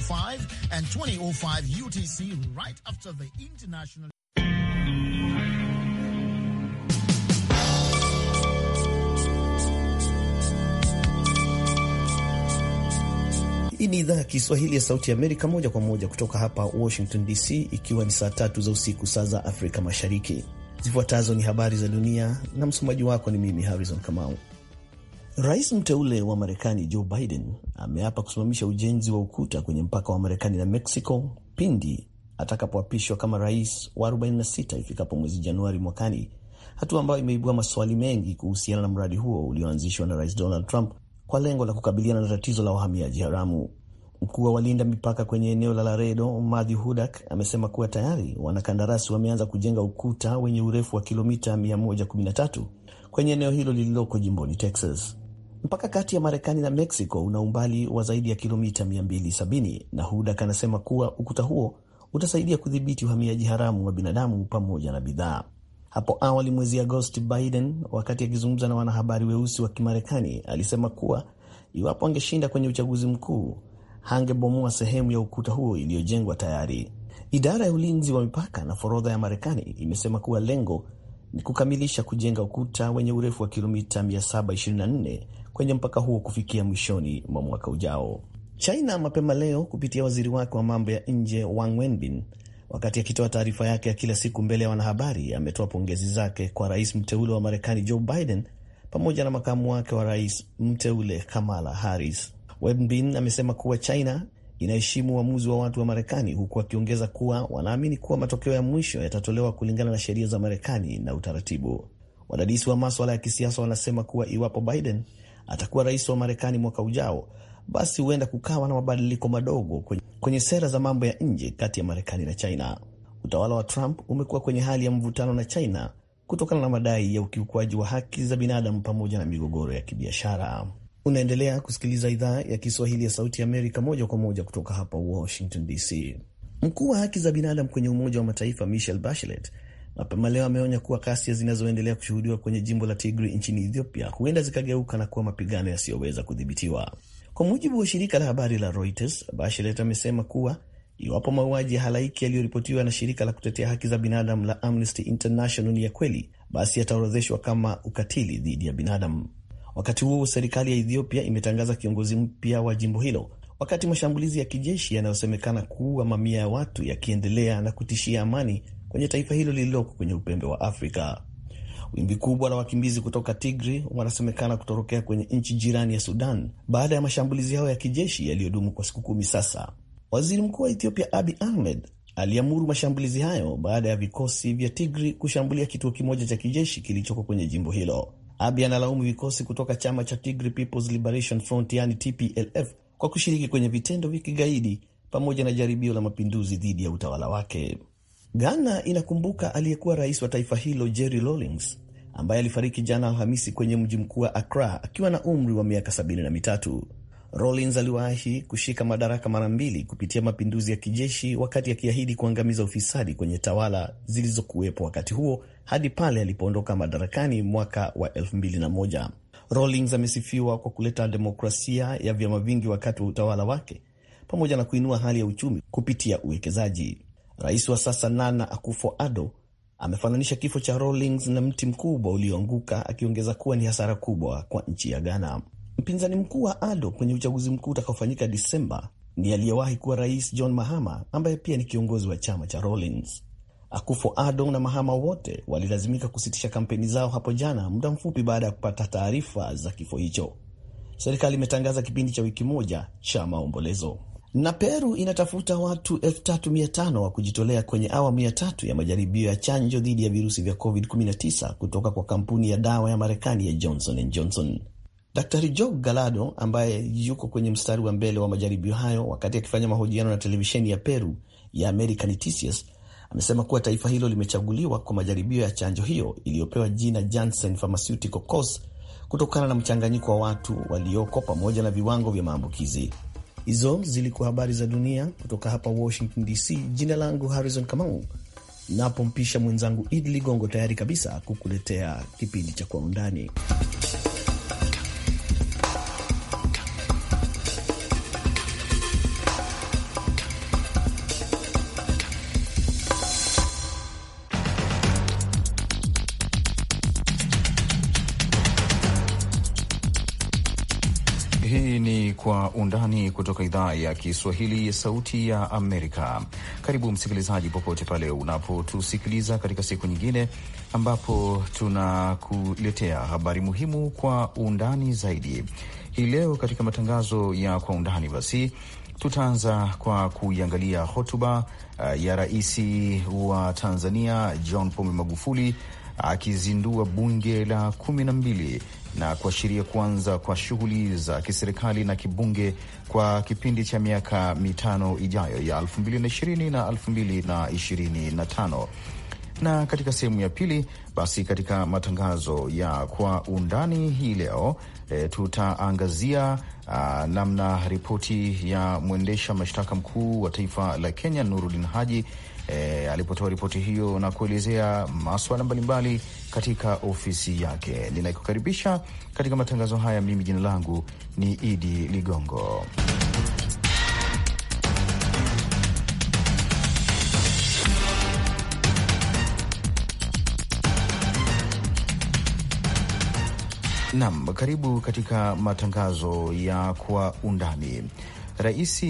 1505 and 2005 UTC right after the international Hii ni idhaa ya Kiswahili ya Sauti Amerika moja kwa moja kutoka hapa Washington DC, ikiwa ni saa tatu za usiku saa za Afrika Mashariki. Zifuatazo ni habari za dunia, na msomaji wako ni mimi Harrison Kamau. Rais mteule wa Marekani Joe Biden ameapa kusimamisha ujenzi wa ukuta kwenye mpaka wa Marekani na Mexico pindi atakapoapishwa kama rais wa 46 ifikapo mwezi Januari mwakani, hatua ambayo imeibua maswali mengi kuhusiana na mradi huo ulioanzishwa na Rais Donald Trump kwa lengo la kukabiliana na tatizo la wahamiaji haramu. Mkuu wa walinda mipaka kwenye eneo la Laredo, Matthew Hudak, amesema kuwa tayari wanakandarasi wameanza kujenga ukuta wenye urefu wa kilomita 113 kwenye eneo hilo lililoko jimboni Texas. Mpaka kati ya Marekani na Mexico una umbali wa zaidi ya kilomita 270 na Hudak anasema kuwa ukuta huo utasaidia kudhibiti uhamiaji haramu wa binadamu pamoja na bidhaa. Hapo awali mwezi Agosti, Biden wakati akizungumza na wanahabari weusi wa Kimarekani alisema kuwa iwapo angeshinda kwenye uchaguzi mkuu hangebomoa sehemu ya ukuta huo iliyojengwa tayari. Idara ya ulinzi wa mipaka na forodha ya Marekani imesema kuwa lengo ni kukamilisha kujenga ukuta wenye urefu wa kilomita 724 kwenye mpaka huo kufikia mwishoni mwa mwaka ujao. China mapema leo kupitia waziri wake wa mambo ya nje Wang Wenbin, wakati akitoa taarifa yake ya kila siku mbele ya wanahabari, ametoa pongezi zake kwa rais mteule wa Marekani Joe Biden pamoja na makamu wake wa rais mteule Kamala Harris. Wenbin amesema kuwa China inaheshimu uamuzi wa watu wa Marekani, huku akiongeza kuwa wanaamini kuwa matokeo ya mwisho yatatolewa kulingana na sheria za Marekani na utaratibu. Wadadisi wa maswala ya kisiasa wanasema kuwa iwapo Biden atakuwa rais wa Marekani mwaka ujao, basi huenda kukawa na mabadiliko madogo kwenye sera za mambo ya nje kati ya Marekani na China. Utawala wa Trump umekuwa kwenye hali ya mvutano na China kutokana na madai ya ukiukwaji wa haki za binadamu pamoja na migogoro ya kibiashara. Unaendelea kusikiliza idhaa ya Kiswahili ya Sauti Amerika moja kwa moja kutoka hapa Washington DC. Mkuu wa haki za binadamu kwenye Umoja wa Mataifa Michelle Bachelet Mapema leo ameonya kuwa ghasia zinazoendelea kushuhudiwa kwenye jimbo la Tigri nchini Ethiopia huenda zikageuka na kuwa mapigano yasiyoweza kudhibitiwa. Kwa mujibu wa shirika la habari la Reuters, Bachelet amesema kuwa iwapo mauaji ya halaiki yaliyoripotiwa na shirika la kutetea haki za binadamu la Amnesty International ni ya kweli, basi yataorodheshwa kama ukatili dhidi ya binadamu. Wakati huo serikali ya Ethiopia imetangaza kiongozi mpya wa jimbo hilo, wakati mashambulizi ya kijeshi yanayosemekana kuua mamia ya watu yakiendelea na kutishia amani kwenye taifa hilo lililoko kwenye upembe wa Afrika. Wimbi kubwa la wakimbizi kutoka Tigri wanasemekana kutorokea kwenye nchi jirani ya Sudan baada ya mashambulizi yao ya kijeshi yaliyodumu kwa siku kumi sasa. Waziri mkuu wa Ethiopia abi Ahmed aliamuru mashambulizi hayo baada ya vikosi vya Tigri kushambulia kituo kimoja cha kijeshi kilichoko kwenye jimbo hilo. abi analaumu vikosi kutoka chama cha Tigri People's Liberation Front, yani TPLF, kwa kushiriki kwenye vitendo vya kigaidi pamoja na jaribio la mapinduzi dhidi ya utawala wake. Ghana inakumbuka aliyekuwa rais wa taifa hilo Jerry Rawlings ambaye alifariki jana Alhamisi kwenye mji mkuu wa Accra akiwa na umri wa miaka 73. Rawlings aliwahi kushika madaraka mara mbili kupitia mapinduzi ya kijeshi, wakati akiahidi kuangamiza ufisadi kwenye tawala zilizokuwepo wakati huo hadi pale alipoondoka madarakani mwaka wa 2001. Rawlings amesifiwa kwa kuleta demokrasia ya vyama vingi wakati wa utawala wake pamoja na kuinua hali ya uchumi kupitia uwekezaji. Rais wa sasa Nana Akufo-Addo amefananisha kifo cha Rawlings na mti mkubwa ulioanguka, akiongeza kuwa ni hasara kubwa kwa nchi ya Ghana. Mpinzani mkuu wa Addo kwenye uchaguzi mkuu utakaofanyika Disemba ni aliyewahi kuwa rais John Mahama ambaye pia ni kiongozi wa chama cha Rawlings. akufo ado na Mahama wote walilazimika kusitisha kampeni zao hapo jana, muda mfupi baada ya kupata taarifa za kifo hicho. Serikali imetangaza kipindi cha wiki moja cha maombolezo na Peru inatafuta watu 3500 wa kujitolea kwenye awamu ya tatu ya majaribio ya chanjo dhidi ya virusi vya COVID-19 kutoka kwa kampuni ya dawa ya Marekani ya Johnson and Johnson. Daktari Joe Gallardo ambaye yuko kwenye mstari wa mbele wa majaribio hayo, wakati akifanya mahojiano na televisheni ya Peru ya American Noticias, amesema kuwa taifa hilo limechaguliwa kwa majaribio ya chanjo hiyo iliyopewa jina Janssen Pharmaceutical Cos kutokana na mchanganyiko wa watu walioko pamoja na viwango vya maambukizi. Hizo zilikuwa habari za dunia kutoka hapa Washington DC. Jina langu Harrison Kamau, napompisha mwenzangu Idi Ligongo tayari kabisa kukuletea kipindi cha Kwa Undani. undani kutoka idhaa ya Kiswahili ya Sauti ya Amerika. Karibu msikilizaji, popote pale unapotusikiliza katika siku nyingine ambapo tunakuletea habari muhimu kwa undani zaidi. Hii leo katika matangazo ya kwa undani, basi tutaanza kwa kuiangalia hotuba eh, ya rais wa Tanzania John Pombe Magufuli akizindua bunge la kumi na mbili na kuashiria kuanza kwa shughuli za kiserikali na kibunge kwa kipindi cha miaka mitano ijayo ya 2020 na 2025. Na katika sehemu ya pili basi, katika matangazo ya kwa undani hii leo e, tutaangazia ah, namna ripoti ya mwendesha mashtaka mkuu wa taifa la Kenya Nurudin Haji e, alipotoa ripoti hiyo na kuelezea maswala mbalimbali katika ofisi yake. Ninaikukaribisha katika matangazo haya, mimi jina langu ni Idi Ligongo. Nam, karibu katika matangazo ya kwa undani. Rais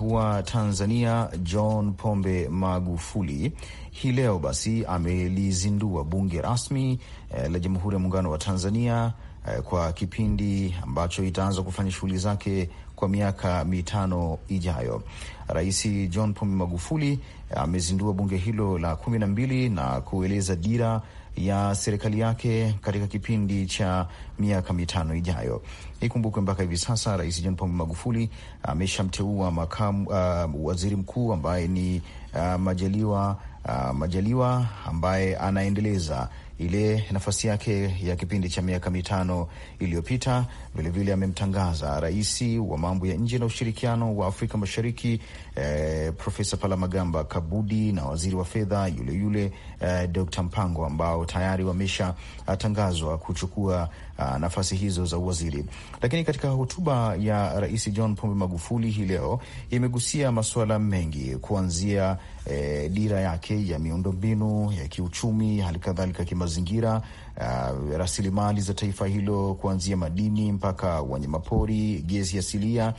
wa Tanzania John Pombe Magufuli hii leo basi amelizindua bunge rasmi eh, la Jamhuri ya Muungano wa Tanzania eh, kwa kipindi ambacho itaanza kufanya shughuli zake kwa miaka mitano ijayo. Rais John Pombe Magufuli amezindua bunge hilo la kumi na mbili na kueleza dira ya serikali yake katika kipindi cha miaka mitano ijayo. Ikumbukwe mpaka hivi sasa Rais John Pombe Magufuli ameshamteua makamu uh, waziri mkuu ambaye ni uh, Majaliwa uh, Majaliwa ambaye anaendeleza ile nafasi yake ya kipindi cha miaka mitano iliyopita. Vilevile amemtangaza rais wa mambo ya nje na ushirikiano wa Afrika Mashariki eh, Profesa Palamagamba Kabudi na waziri wa fedha yuleyule yule eh, Dr. Mpango ambao tayari wameshatangazwa eh, kuchukua uh, nafasi hizo za uwaziri. Lakini katika hotuba ya Rais John Pombe Magufuli hii leo imegusia masuala mengi kuanzia eh, dira yake ya miundombinu ya kiuchumi, hali kadhalika kimazingira uh, rasilimali za taifa hilo kuanzia madini mpaka wanyamapori, gesi asilia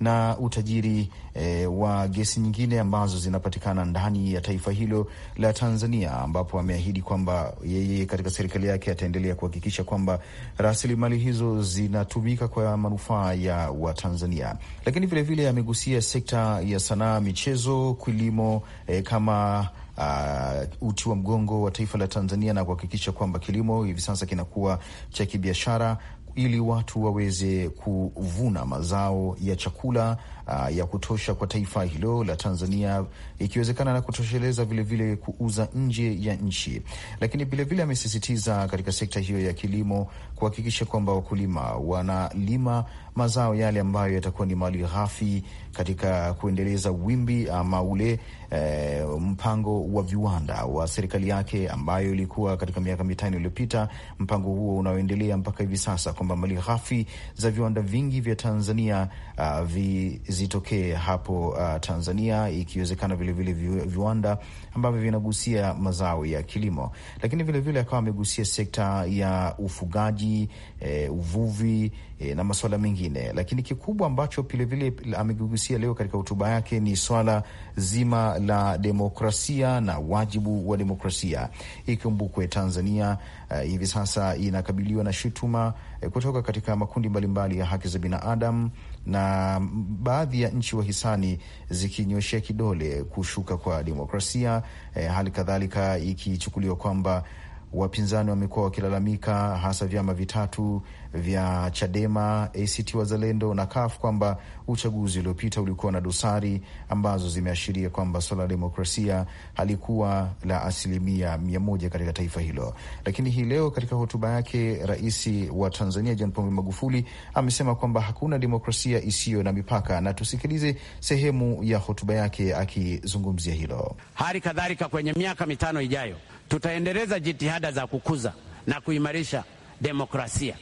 na utajiri eh, wa gesi nyingine ambazo zinapatikana ndani ya taifa hilo la Tanzania, ambapo ameahidi kwamba yeye katika serikali yake ataendelea kuhakikisha kwamba rasilimali hizo zinatumika kwa manufaa ya Watanzania. Lakini vilevile amegusia sekta ya sanaa, michezo, kilimo eh, kama uh, uti wa mgongo wa taifa la Tanzania na kuhakikisha kwamba kilimo hivi sasa kinakuwa cha kibiashara ili watu waweze kuvuna mazao ya chakula uh, ya kutosha kwa taifa hilo la Tanzania, ikiwezekana na kutosheleza vilevile vile kuuza nje ya nchi. Lakini vilevile amesisitiza katika sekta hiyo ya kilimo kuhakikisha kwamba wakulima wanalima mazao yale ambayo yatakuwa ni mali ghafi katika kuendeleza wimbi ama ule e, mpango wa viwanda wa serikali yake ambayo ilikuwa katika miaka mitano iliyopita, mpango huo unaoendelea mpaka hivi sasa kwamba mali ghafi za viwanda vingi vya Tanzania uh, vi, zitokee hapo uh, Tanzania, ikiwezekana vilevile viwanda ambavyo vinagusia mazao ya kilimo, lakini vilevile akawa amegusia sekta ya ufugaji e, uvuvi e, na masuala mengine, lakini kikubwa ambacho vilevile amegusia leo katika hotuba yake ni swala zima la demokrasia na wajibu wa demokrasia. Ikumbukwe Tanzania uh, hivi sasa inakabiliwa na shutuma uh, kutoka katika makundi mbalimbali mbali ya haki za binadamu na baadhi ya nchi wahisani zikinyoshea kidole kushuka kwa demokrasia eh, hali kadhalika ikichukuliwa kwamba Wapinzani wamekuwa wakilalamika hasa vyama vitatu vya Chadema, ACT Wazalendo na CUF kwamba uchaguzi uliopita ulikuwa na dosari ambazo zimeashiria kwamba suala la demokrasia halikuwa la asilimia mia moja katika taifa hilo. Lakini hii leo katika hotuba yake, Rais wa Tanzania John Pombe Magufuli amesema kwamba hakuna demokrasia isiyo na mipaka, na tusikilize sehemu ya hotuba yake akizungumzia hilo. Hali kadhalika kwenye miaka mitano ijayo Tutaendeleza jitihada za kukuza na kuimarisha demokrasia,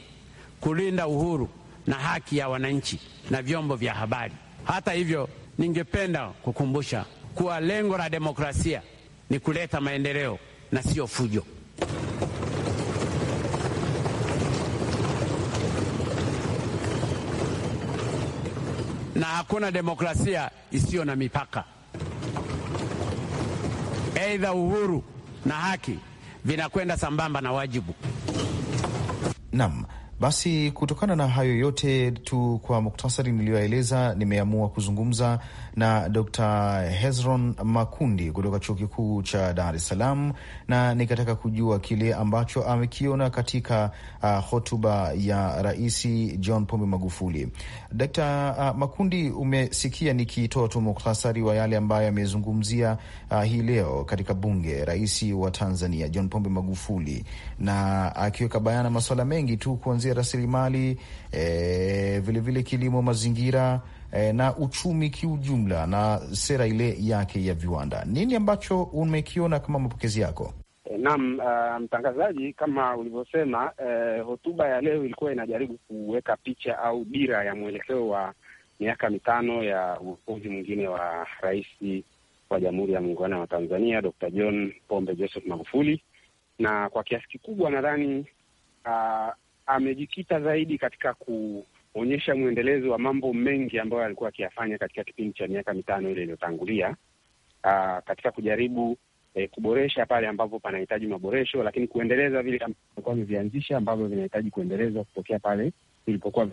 kulinda uhuru na haki ya wananchi na vyombo vya habari. Hata hivyo, ningependa kukumbusha kuwa lengo la demokrasia ni kuleta maendeleo na siyo fujo. Na hakuna demokrasia isiyo na mipaka. Aidha, uhuru na haki vinakwenda sambamba na wajibu. Naam. Basi kutokana na hayo yote tu, kwa muktasari niliyoeleza, nimeamua kuzungumza na Dr. Hezron Makundi kutoka Chuo Kikuu cha Dar es Salaam, na nikataka kujua kile ambacho amekiona katika uh, hotuba ya Rais John Pombe Magufuli. d uh, Makundi, umesikia nikitoa tu muktasari wa yale ambayo amezungumzia uh, hii leo katika bunge Rais wa Tanzania John Pombe Magufuli, na akiweka bayana masuala mengi tu kuanzia ya rasilimali vilevile, kilimo, mazingira e, na uchumi kiujumla, na sera ile yake ya viwanda. Nini ambacho umekiona kama mapokezi yako? E, naam, uh, mtangazaji, kama ulivyosema, uh, hotuba ya leo ilikuwa inajaribu kuweka picha au dira ya mwelekeo wa miaka mitano ya uongozi mwingine wa rais wa Jamhuri ya Muungano wa Tanzania Dr. John Pombe Joseph Magufuli, na kwa kiasi kikubwa nadhani uh, amejikita zaidi katika kuonyesha mwendelezo wa mambo mengi ambayo alikuwa akiyafanya katika kipindi cha miaka mitano ile iliyotangulia, ah, katika kujaribu e, kuboresha pale ambapo panahitaji maboresho, lakini kuendeleza vile ambavyo amevianzisha ambavyo vinahitaji kuendelezwa kutokea pale vilipokuwa.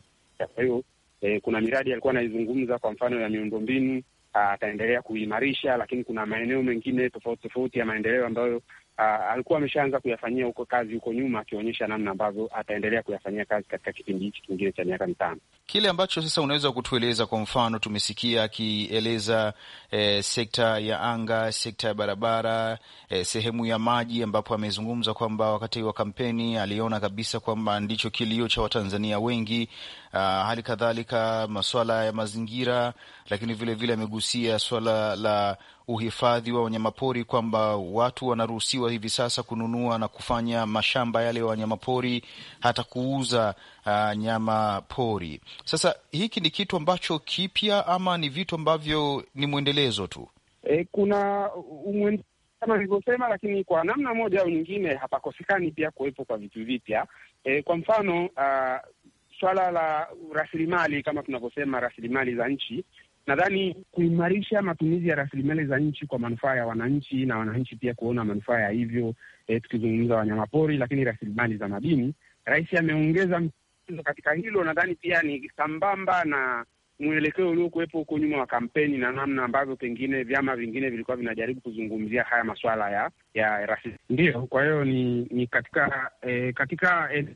Kwa hiyo e, kuna miradi alikuwa anaizungumza, kwa mfano ya miundombinu ah, ataendelea kuimarisha, lakini kuna maeneo mengine tofauti tofauti ya maendeleo ambayo Uh, alikuwa ameshaanza kuyafanyia huko kazi huko nyuma, akionyesha namna ambavyo ataendelea kuyafanyia kazi katika kipindi hiki kingine cha miaka mitano. Kile ambacho sasa unaweza kutueleza, kwa mfano tumesikia akieleza eh, sekta ya anga, sekta ya barabara, eh, sehemu ya maji, ambapo amezungumza kwamba wakati wa kampeni aliona kabisa kwamba ndicho kilio cha Watanzania wengi uh, hali kadhalika masuala ya mazingira, lakini vilevile amegusia vile swala la uhifadhi wa wanyamapori kwamba watu wanaruhusiwa hivi sasa kununua na kufanya mashamba yale ya wanyamapori hata kuuza uh, ah, nyama pori. Sasa hiki ni kitu ambacho kipya ama ni vitu ambavyo ni mwendelezo tu? E, kuna umwende kama nilivyosema, lakini kwa namna moja au nyingine hapakosekani pia kuwepo kwa vitu vipya. E, kwa mfano uh, swala la rasilimali kama tunavyosema rasilimali za nchi, nadhani kuimarisha matumizi ya rasilimali za nchi kwa manufaa ya wananchi na wananchi pia kuona manufaa ya hivyo. eh, tukizungumza wanyamapori, lakini rasilimali za madini, rais ameongeza mkazo katika hilo. Nadhani pia ni sambamba na mwelekeo uliokuwepo huko nyuma wa kampeni na namna ambavyo pengine vyama vingine vilikuwa vinajaribu kuzungumzia haya maswala ya ya rasilimali. ndio. kwa hiyo ni, ni katika eh, katika eh,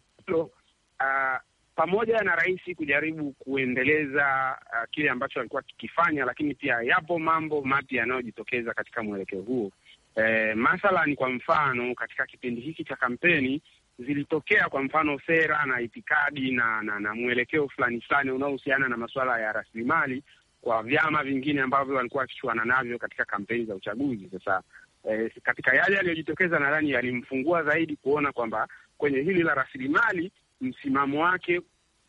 Uh, pamoja na rais kujaribu kuendeleza uh, kile ambacho alikuwa kikifanya lakini pia yapo mambo mapya yanayojitokeza katika mwelekeo huo. E, mathalani kwa mfano katika kipindi hiki cha kampeni zilitokea kwa mfano sera na itikadi na na, na mwelekeo fulani fulani unaohusiana na masuala ya rasilimali kwa vyama vingine ambavyo walikuwa wakichuana navyo katika kampeni za uchaguzi. Sasa e, katika yale yaliyojitokeza, nadhani yalimfungua zaidi kuona kwamba kwenye hili la rasilimali msimamo wake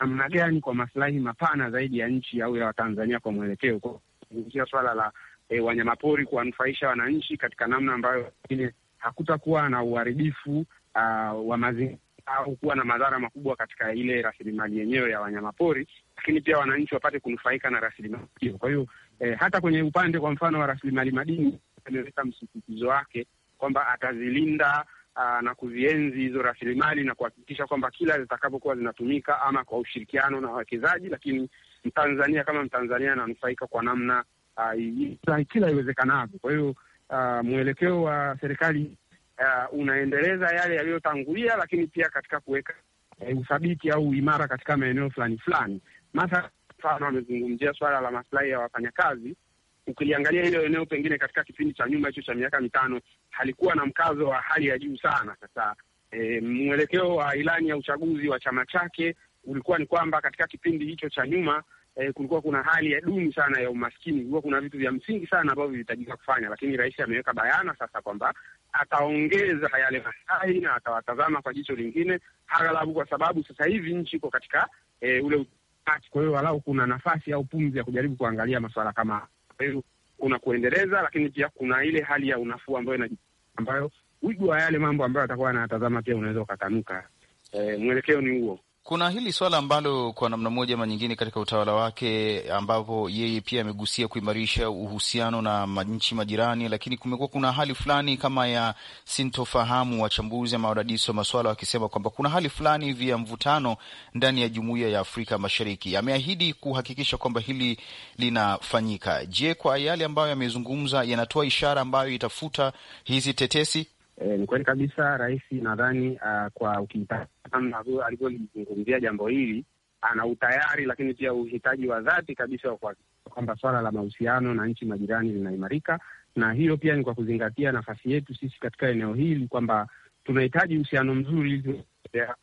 namna gani kwa maslahi mapana zaidi ya nchi au ya Watanzania kwa mwelekeo, kuzungumzia swala la e, wanyamapori kuwanufaisha wananchi katika namna ambayo pengine hakutakuwa na uharibifu uh, wa mazingira au kuwa na madhara makubwa katika ile rasilimali yenyewe ya wanyamapori, lakini pia wananchi wapate kunufaika na rasilimali hiyo. Kwa hiyo e, hata kwenye upande kwa mfano wa rasilimali madini ameweka msisitizo wake kwamba atazilinda aa, uh, na kuzienzi hizo rasilimali na kuhakikisha kwamba kila zitakapokuwa zinatumika ama kwa ushirikiano na wawekezaji, lakini Mtanzania kama Mtanzania ananufaika kwa namna uh, kila iwezekanavyo. Kwa hiyo uh, mwelekeo wa serikali Uh, unaendeleza yale yaliyotangulia, lakini pia katika kuweka uh, uthabiti au imara katika maeneo fulani fulani. Mathalan, mfano amezungumzia swala la maslahi ya wafanyakazi ukiliangalia hilo eneo pengine katika kipindi cha nyuma hicho cha miaka mitano halikuwa na mkazo wa hali ya juu sana. Sasa e, mwelekeo wa ilani ya uchaguzi wa chama chake ulikuwa ni kwamba katika kipindi hicho cha nyuma e, kulikuwa kuna hali ya duni sana ya umaskini, kulikuwa kuna vitu vya msingi sana ambavyo vilihitajika kufanya, lakini rais ameweka bayana sasa kwamba ataongeza yale masai na atawatazama kwa jicho lingine, aghalabu kwa sababu sasa hivi nchi iko katika e, ule. Kwa hiyo walau kuna nafasi au pumzi ya kujaribu kuangalia masuala kama kwa hiyo kuna kuendeleza, lakini pia kuna ile hali ya unafuu ambayo ina ambayo wigo wa yale mambo ambayo atakuwa anatazama pia unaweza ukatanuka. E, mwelekeo ni huo. Kuna hili swala ambalo kwa namna moja ama nyingine katika utawala wake, ambapo yeye pia amegusia kuimarisha uhusiano na nchi majirani, lakini kumekuwa kuna hali fulani kama ya sintofahamu, wachambuzi ama wadadisi wa maswala wakisema kwamba kuna hali fulani hivi ya mvutano ndani ya jumuiya ya Afrika Mashariki. Ameahidi kuhakikisha kwamba hili linafanyika. Je, kwa yale ambayo yamezungumza yanatoa ishara ambayo itafuta hizi tetesi? E, ni kweli kabisa rais nadhani, uh, kwa ukitazama alivyolizungumzia jambo hili, ana utayari lakini pia uhitaji wa dhati kabisa wa kwamba swala la mahusiano na nchi majirani linaimarika, na hiyo pia ni kwa kuzingatia nafasi yetu sisi katika eneo hili kwamba tunahitaji uhusiano mzuri ili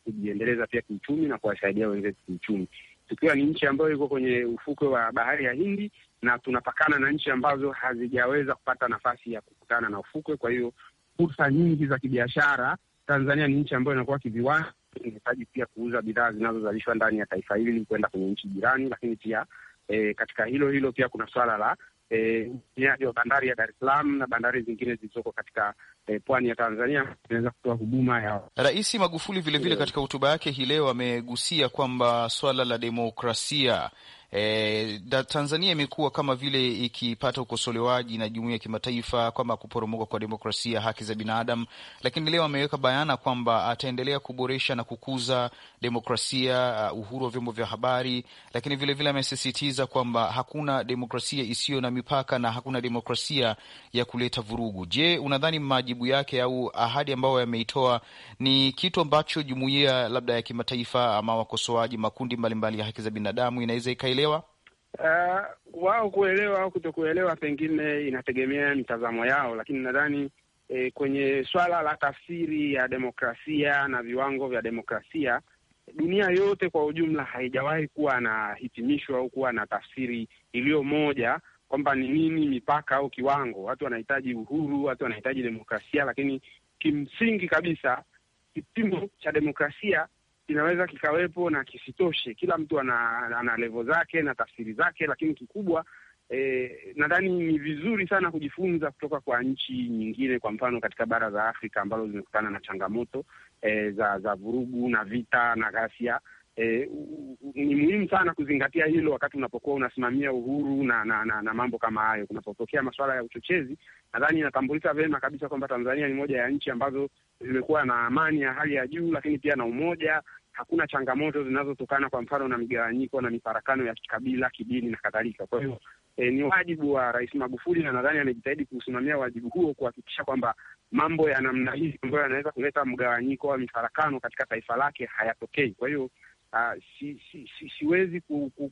kujiendeleza pia kiuchumi na kuwasaidia wenzetu kiuchumi, tukiwa ni nchi ambayo iko kwenye ufukwe wa bahari ya Hindi na tunapakana na nchi ambazo hazijaweza kupata nafasi ya kukutana na ufukwe. Kwa hiyo fursa nyingi za kibiashara. Tanzania ni nchi ambayo inakuwa kiviwanda, inahitaji pia kuuza bidhaa zinazozalishwa ndani ya taifa hili kwenda kwenye nchi jirani, lakini pia e, katika hilo hilo pia kuna swala la eh, utumiaji e, wa bandari ya Dar es Salaam na bandari zingine zilizoko katika e, pwani ya Tanzania inaweza kutoa huduma ya. Rais Magufuli vilevile vile katika hotuba yake hii leo amegusia kwamba swala la demokrasia E, da Tanzania imekuwa kama vile ikipata ukosolewaji na jumuiya ya kimataifa kwamba kuporomoka kwa demokrasia, haki za binadamu, lakini leo ameweka bayana kwamba ataendelea kuboresha na kukuza demokrasia, uh, uhuru wa vyombo vya habari, lakini vilevile amesisitiza kwamba hakuna demokrasia isiyo na mipaka na hakuna demokrasia ya kuleta vurugu. Je, unadhani majibu yake au ahadi ambayo yameitoa ni kitu ambacho jumuiya labda ya kimataifa ama wakosoaji, makundi mbalimbali mbali ya haki za binadamu inaweza ikaelewa? kuelewa? Uh, wao kuelewa au kutokuelewa pengine inategemea mitazamo yao, lakini nadhani e, kwenye swala la tafsiri ya demokrasia na viwango vya demokrasia, dunia yote kwa ujumla haijawahi kuwa na hitimisho au kuwa na tafsiri iliyo moja kwamba ni nini mipaka au kiwango. Watu wanahitaji uhuru, watu wanahitaji demokrasia, lakini kimsingi kabisa kipimo cha demokrasia kinaweza kikawepo na kisitoshe. Kila mtu ana, ana levo zake na tafsiri zake, lakini kikubwa E, nadhani ni vizuri sana kujifunza kutoka kwa nchi nyingine, kwa mfano katika bara za Afrika ambazo zimekutana na changamoto e, za za vurugu na vita na ghasia E, ni muhimu sana kuzingatia hilo wakati unapokuwa unasimamia uhuru na na, na, na mambo kama hayo. Kunapotokea masuala ya uchochezi, nadhani inatambulika vema kabisa kwamba Tanzania ni moja ya nchi ambazo zimekuwa na amani ya hali ya juu, lakini pia na umoja. Hakuna changamoto zinazotokana kwa mfano na migawanyiko na mifarakano ya kikabila, kidini na kadhalika. Kwa hiyo e, ni wajibu wa Rais Magufuli na nadhani amejitahidi kusimamia wajibu huo, kuhakikisha kwamba mambo ya namna hii ambayo yanaweza kuleta mgawanyiko wa mifarakano katika taifa lake hayatokei. Kwa hiyo uh, si, si, si, siwezi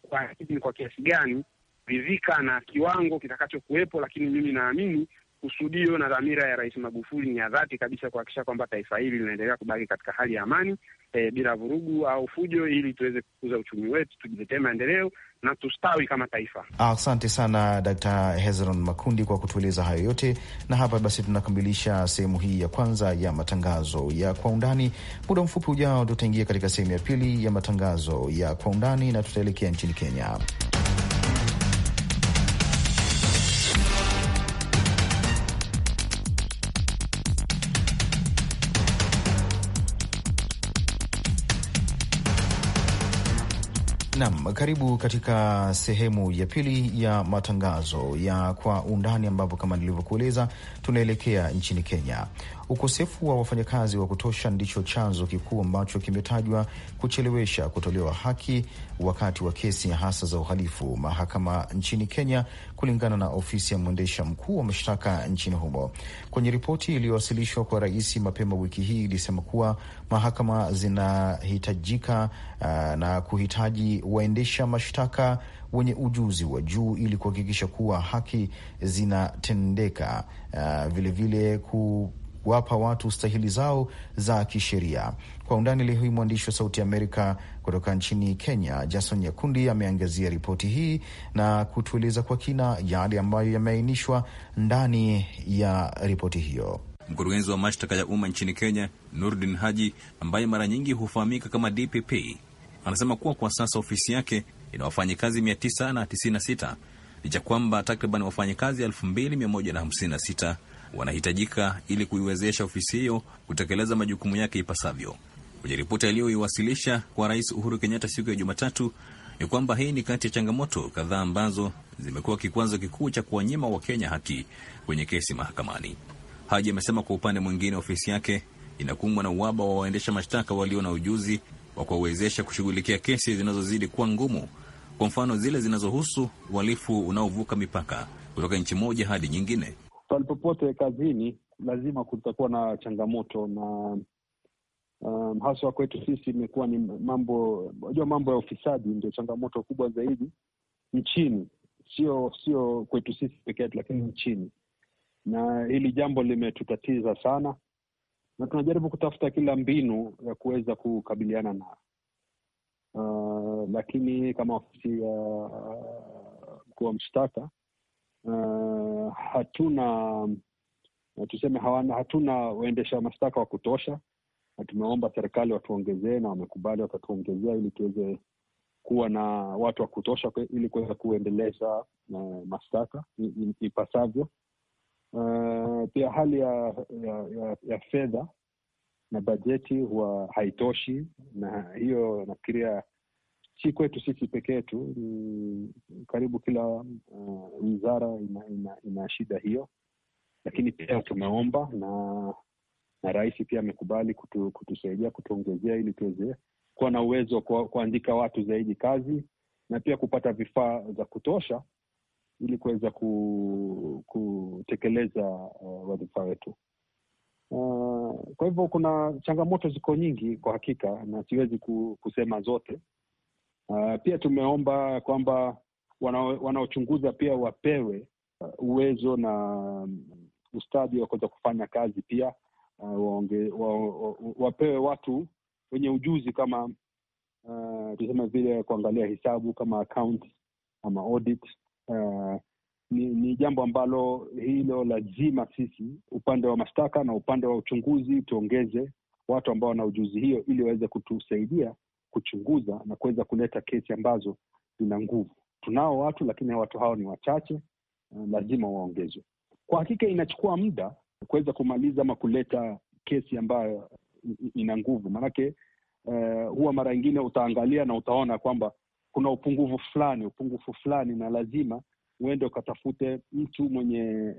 kuahidi ni kwa kiasi gani ridhika na kiwango kitakachokuwepo, lakini mimi naamini kusudio na dhamira ya Rais Magufuli ni ya dhati kabisa kuhakikisha kwamba taifa hili linaendelea kubaki katika hali ya amani e, bila vurugu au fujo, ili tuweze kukuza uchumi wetu, tujiletee maendeleo na tustawi kama taifa. Asante sana Dkt. Hezron Makundi kwa kutueleza hayo yote, na hapa basi tunakamilisha sehemu hii ya kwanza ya matangazo ya kwa undani. Muda mfupi ujao tutaingia katika sehemu ya pili ya matangazo ya kwa undani na tutaelekea nchini Kenya. nam karibu katika sehemu ya pili ya matangazo ya kwa undani ambapo kama nilivyokueleza tunaelekea nchini Kenya. Ukosefu wa wafanyakazi wa kutosha ndicho chanzo kikuu ambacho kimetajwa kuchelewesha kutolewa haki wakati wa kesi hasa za uhalifu mahakama nchini Kenya, kulingana na ofisi ya mwendesha mkuu wa mashtaka nchini humo. Kwenye ripoti iliyowasilishwa kwa rais mapema wiki hii, ilisema kuwa mahakama zinahitajika uh, na kuhitaji waendesha mashtaka wenye ujuzi wa juu ili kuhakikisha kuwa haki zinatendeka, vilevile uh, vile ku kuwapa watu stahili zao za kisheria. Kwa undani leo hii, mwandishi wa Sauti Amerika kutoka nchini Kenya, Jason Nyakundi ameangazia ripoti hii na kutueleza kwa kina yale ambayo yameainishwa ndani ya ripoti hiyo. Mkurugenzi wa mashtaka ya umma nchini Kenya, Nurdin Haji, ambaye mara nyingi hufahamika kama DPP, anasema kuwa kwa sasa ofisi yake ina wafanyikazi 996 licha kwamba takriban wafanyikazi 2156 wanahitajika ili kuiwezesha ofisi hiyo kutekeleza majukumu yake ipasavyo. Kwenye ripoti aliyoiwasilisha kwa Rais Uhuru Kenyatta siku ya Jumatatu ni kwamba hii ni kati ya changamoto kadhaa ambazo zimekuwa kikwazo kikuu cha kuwanyima Wakenya haki kwenye kesi mahakamani. Haji amesema kwa upande mwingine, ofisi yake inakumbwa na uhaba wa waendesha mashtaka walio na ujuzi wa kuwawezesha kushughulikia kesi zinazozidi kuwa ngumu, kwa mfano zile zinazohusu uhalifu unaovuka mipaka kutoka nchi moja hadi nyingine palipopote kazini lazima kutakuwa na changamoto na um, haswa kwetu sisi imekuwa ni mambo unajua mambo ya ufisadi ndio changamoto kubwa zaidi nchini sio sio kwetu sisi peke yetu lakini nchini na hili jambo limetutatiza sana na tunajaribu kutafuta kila mbinu ya kuweza kukabiliana na uh, lakini kama ofisi ya uh, mkuu wa mshtaka uh, hatuna tuseme hawana, hatuna waendesha mashtaka wa kutosha, na tumeomba serikali watuongezee, na wamekubali watatuongezea, ili tuweze kuwa na watu wa kutosha ili kuweza kuendeleza uh, mashtaka ipasavyo. Uh, pia hali ya, ya, ya, ya fedha na bajeti huwa haitoshi, na hiyo nafikiria si kwetu sisi peke yetu, ni karibu kila eh, wizara uh, ina, ina, ina shida hiyo, lakini pia tumeomba na na rais pia amekubali kutu, kutusaidia kutuongezea ili tuweze kuwa na uwezo wa kuandika watu zaidi kazi na pia kupata vifaa za kutosha ili kuweza kutekeleza uh, wadhifa wetu. Uh, kwa hivyo kuna changamoto ziko nyingi kwa hakika, na siwezi kusema zote, Uh, pia tumeomba kwamba wanaochunguza pia wapewe uh, uwezo na um, ustadi wa kuweza kufanya kazi pia uh, waonge, wa, wa, wapewe watu wenye ujuzi kama uh, tuseme vile kuangalia hesabu kama account ama audit uh, ni, ni jambo ambalo hilo lazima sisi upande wa mashtaka na upande wa uchunguzi tuongeze watu ambao wana ujuzi hiyo ili waweze kutusaidia kuchunguza na kuweza kuleta kesi ambazo zina nguvu. Tunao watu lakini watu hao ni wachache, eh, lazima waongezwe. Kwa hakika inachukua muda kuweza kumaliza ama kuleta kesi ambayo ina nguvu, maanake uh, eh, huwa mara yingine utaangalia na utaona kwamba kuna upungufu fulani, upungufu fulani, na lazima uende ukatafute mtu mwenye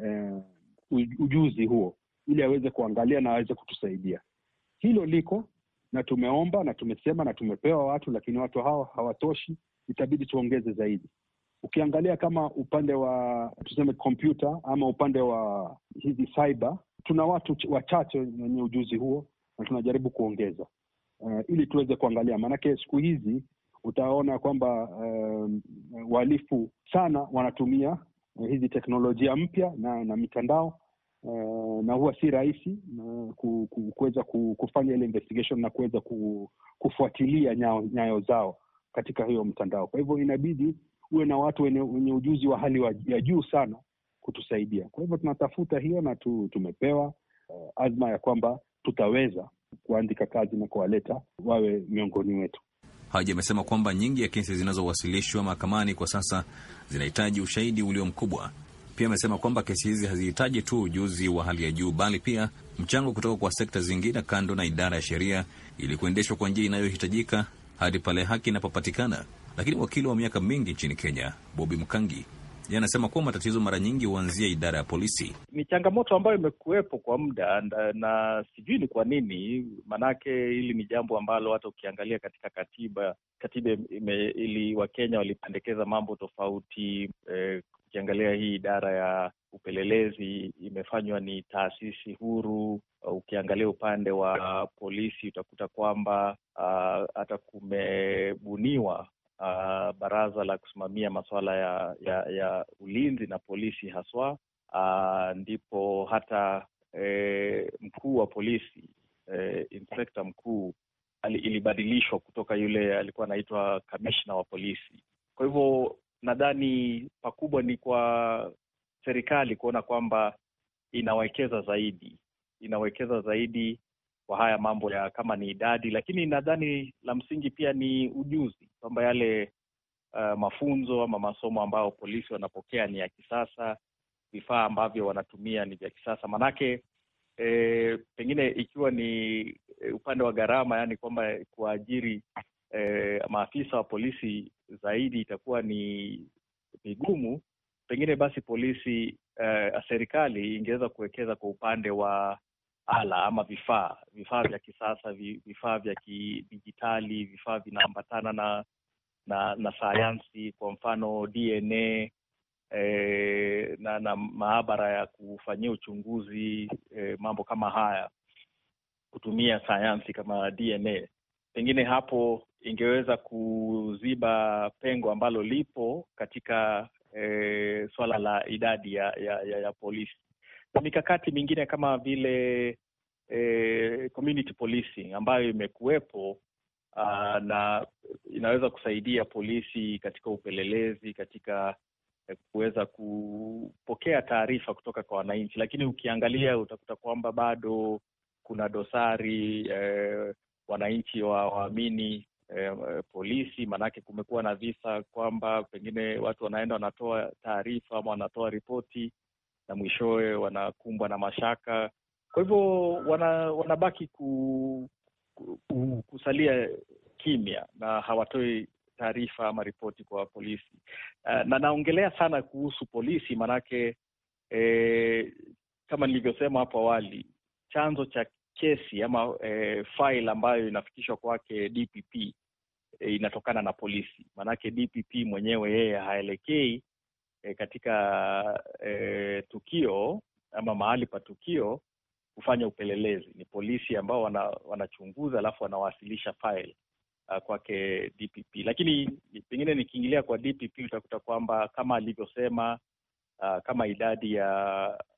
uh, ujuzi huo ili aweze kuangalia na aweze kutusaidia. Hilo liko na tumeomba na tumesema na tumepewa watu, lakini watu hao hawatoshi, itabidi tuongeze zaidi. Ukiangalia kama upande wa tuseme kompyuta ama upande wa hizi cyber, tuna watu wachache wenye ujuzi huo na tunajaribu kuongeza uh, ili tuweze kuangalia, maanake siku hizi utaona kwamba um, wahalifu sana wanatumia eh, hizi teknolojia mpya na, na mitandao Eh, na huwa si rahisi kuweza kufanya ile investigation na kuweza kufuatilia nyayo, nyayo zao katika hiyo mtandao. Kwa hivyo inabidi uwe na watu wenye ujuzi wa hali wa, ya juu sana kutusaidia. Kwa hivyo tunatafuta hiyo na tu, tumepewa uh, azma ya kwamba tutaweza kuandika kazi na kuwaleta wawe miongoni wetu Haji amesema kwamba nyingi ya kesi zinazowasilishwa mahakamani kwa sasa zinahitaji ushahidi ulio mkubwa pia amesema kwamba kesi hizi hazihitaji tu ujuzi wa hali ya juu, bali pia mchango kutoka kwa sekta zingine kando na idara ya sheria, ili kuendeshwa kwa njia inayohitajika hadi pale haki inapopatikana. Lakini wakili wa miaka mingi nchini Kenya, Bobi Mkangi, yeye anasema kuwa matatizo mara nyingi huanzia idara ya polisi. Ni changamoto ambayo imekuwepo kwa muda na, na sijui ni kwa nini, maanake hili ni jambo ambalo hata ukiangalia katika katiba katiba ili Wakenya walipendekeza mambo tofauti eh, Ukiangalia hii idara ya upelelezi imefanywa ni taasisi huru. Ukiangalia upande wa polisi utakuta kwamba hata uh, kumebuniwa uh, baraza la kusimamia masuala ya, ya, ya ulinzi na polisi haswa uh, ndipo hata eh, mkuu wa polisi eh, inspekta mkuu ilibadilishwa kutoka yule alikuwa anaitwa kamishna wa polisi. Kwa hivyo nadhani pakubwa ni kwa serikali kuona kwamba inawekeza zaidi, inawekeza zaidi kwa haya mambo ya kama ni idadi, lakini nadhani la msingi pia ni ujuzi, kwamba yale uh, mafunzo ama masomo ambayo polisi wanapokea ni ya kisasa, vifaa ambavyo wanatumia ni vya kisasa, manake e, pengine ikiwa ni eh, upande wa gharama, yani kwamba kuajiri eh, maafisa wa polisi zaidi itakuwa ni vigumu, pengine basi polisi eh, serikali ingeweza kuwekeza kwa upande wa ala ama vifaa vifaa vya kisasa, vifaa vya kidijitali, vifaa vinaambatana na na na sayansi, kwa mfano DNA eh, na na maabara ya kufanyia uchunguzi eh, mambo kama haya, kutumia sayansi kama DNA. Pengine hapo ingeweza kuziba pengo ambalo lipo katika e, swala la idadi ya, ya, ya, ya polisi na mikakati mingine kama vile e, community policing ambayo imekuwepo ah, na inaweza kusaidia polisi katika upelelezi katika eh, kuweza kupokea taarifa kutoka kwa wananchi, lakini ukiangalia utakuta kwamba bado kuna dosari eh, wananchi wawaamini Eh, eh, polisi, maanake kumekuwa na visa kwamba pengine watu wanaenda wanatoa taarifa ama wanatoa ripoti na mwishowe wanakumbwa na mashaka. Kwa hivyo wana, wanabaki ku, ku, ku, kusalia kimya na hawatoi taarifa ama ripoti kwa polisi. Eh, na naongelea sana kuhusu polisi maanake eh, kama nilivyosema hapo awali, chanzo cha kesi ama e, file ambayo inafikishwa kwake DPP e, eh, inatokana na polisi, maanake DPP mwenyewe yeye haelekei e, katika e, tukio ama mahali pa tukio kufanya upelelezi. Ni polisi ambao wana, wanachunguza alafu wanawasilisha file ah, kwake DPP. Lakini pengine nikiingilia kwa DPP utakuta kwamba kama alivyosema uh, kama idadi ya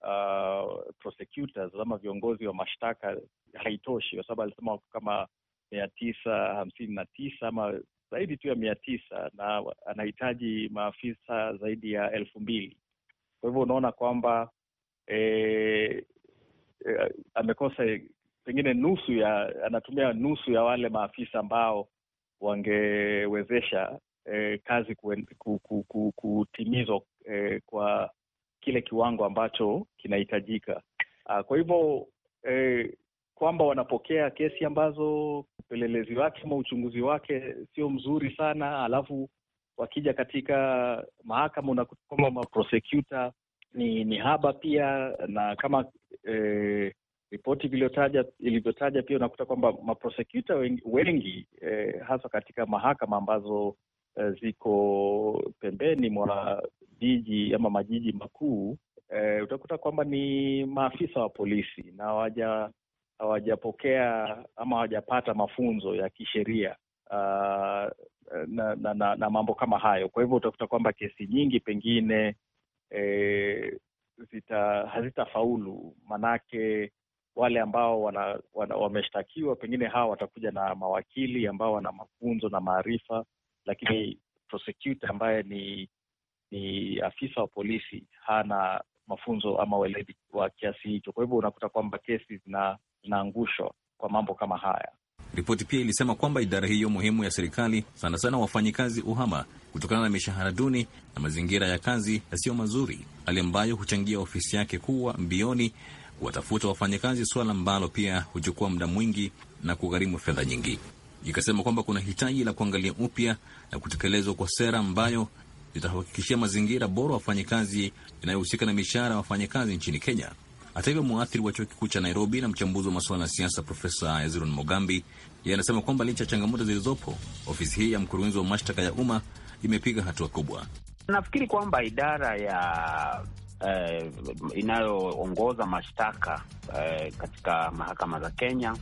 uh, prosecutors ama viongozi wa mashtaka haitoshi, kwa sababu alisema kama mia tisa hamsini na tisa ama zaidi tu ya mia tisa na anahitaji maafisa zaidi ya elfu mbili. Kwa hivyo unaona kwamba e, e, amekosa pengine nusu ya anatumia nusu ya wale maafisa ambao wangewezesha e, kazi kutimizwa eh, kwa kile kiwango ambacho kinahitajika. Ah, kwa hivyo eh, kwamba wanapokea kesi ambazo upelelezi wake ama uchunguzi wake sio mzuri sana, alafu wakija katika mahakama unakuta kwamba maprosecutor ni ni haba pia, na kama eh, ripoti vilivyotaja ilivyotaja pia unakuta kwamba maprosecutor wengi, wengi eh, hasa katika mahakama ambazo Eh, ziko pembeni mwa jiji ama majiji makuu e, utakuta kwamba ni maafisa wa polisi na hawaja hawajapokea ama hawajapata mafunzo ya kisheria uh, na, na, na, na mambo kama hayo. Kwa hivyo utakuta kwamba kesi nyingi pengine e, zita, hazitafaulu manake wale ambao wana, wana, wameshtakiwa pengine hawa watakuja na mawakili ambao wana mafunzo na maarifa lakini prosecutor ambaye ni ni afisa wa polisi hana mafunzo ama weledi wa kiasi hicho. Kwa hivyo unakuta kwamba kesi zinaangushwa kwa mambo kama haya. Ripoti pia ilisema kwamba idara hiyo muhimu ya serikali sana sana wafanyikazi uhama kutokana na mishahara duni na mazingira ya kazi yasiyo mazuri, hali ambayo huchangia ofisi yake kuwa mbioni kuwatafuta wafanyakazi, suala ambalo pia huchukua muda mwingi na kugharimu fedha nyingi ikasema kwamba kuna hitaji la kuangalia upya na kutekelezwa kwa sera ambayo zitahakikishia mazingira bora wafanyakazi inayohusika na mishahara ya wafanyakazi nchini Kenya. Hata hivyo, mwathiri wa chuo kikuu cha Nairobi na mchambuzi wa masuala ya siasa Profesa Hezron Mogambi yeye anasema kwamba licha ya changamoto zilizopo, ofisi hii ya mkurugenzi wa mashtaka ya umma imepiga hatua kubwa. Nafikiri kwamba idara ya eh, inayoongoza mashtaka eh, katika mahakama za Kenya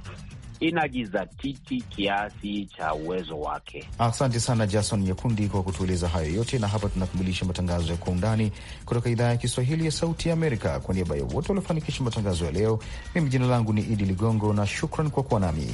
inajizatiti kiasi cha uwezo wake. Asante sana Jason Nyakundi kwa kutueleza hayo yote, na hapa tunakamilisha matangazo ya Kwa Undani kutoka idhaa ya Kiswahili ya Sauti ya Amerika. Kwa niaba ya wote waliofanikisha matangazo ya leo, mimi jina langu ni Idi Ligongo na shukran kwa kuwa nami.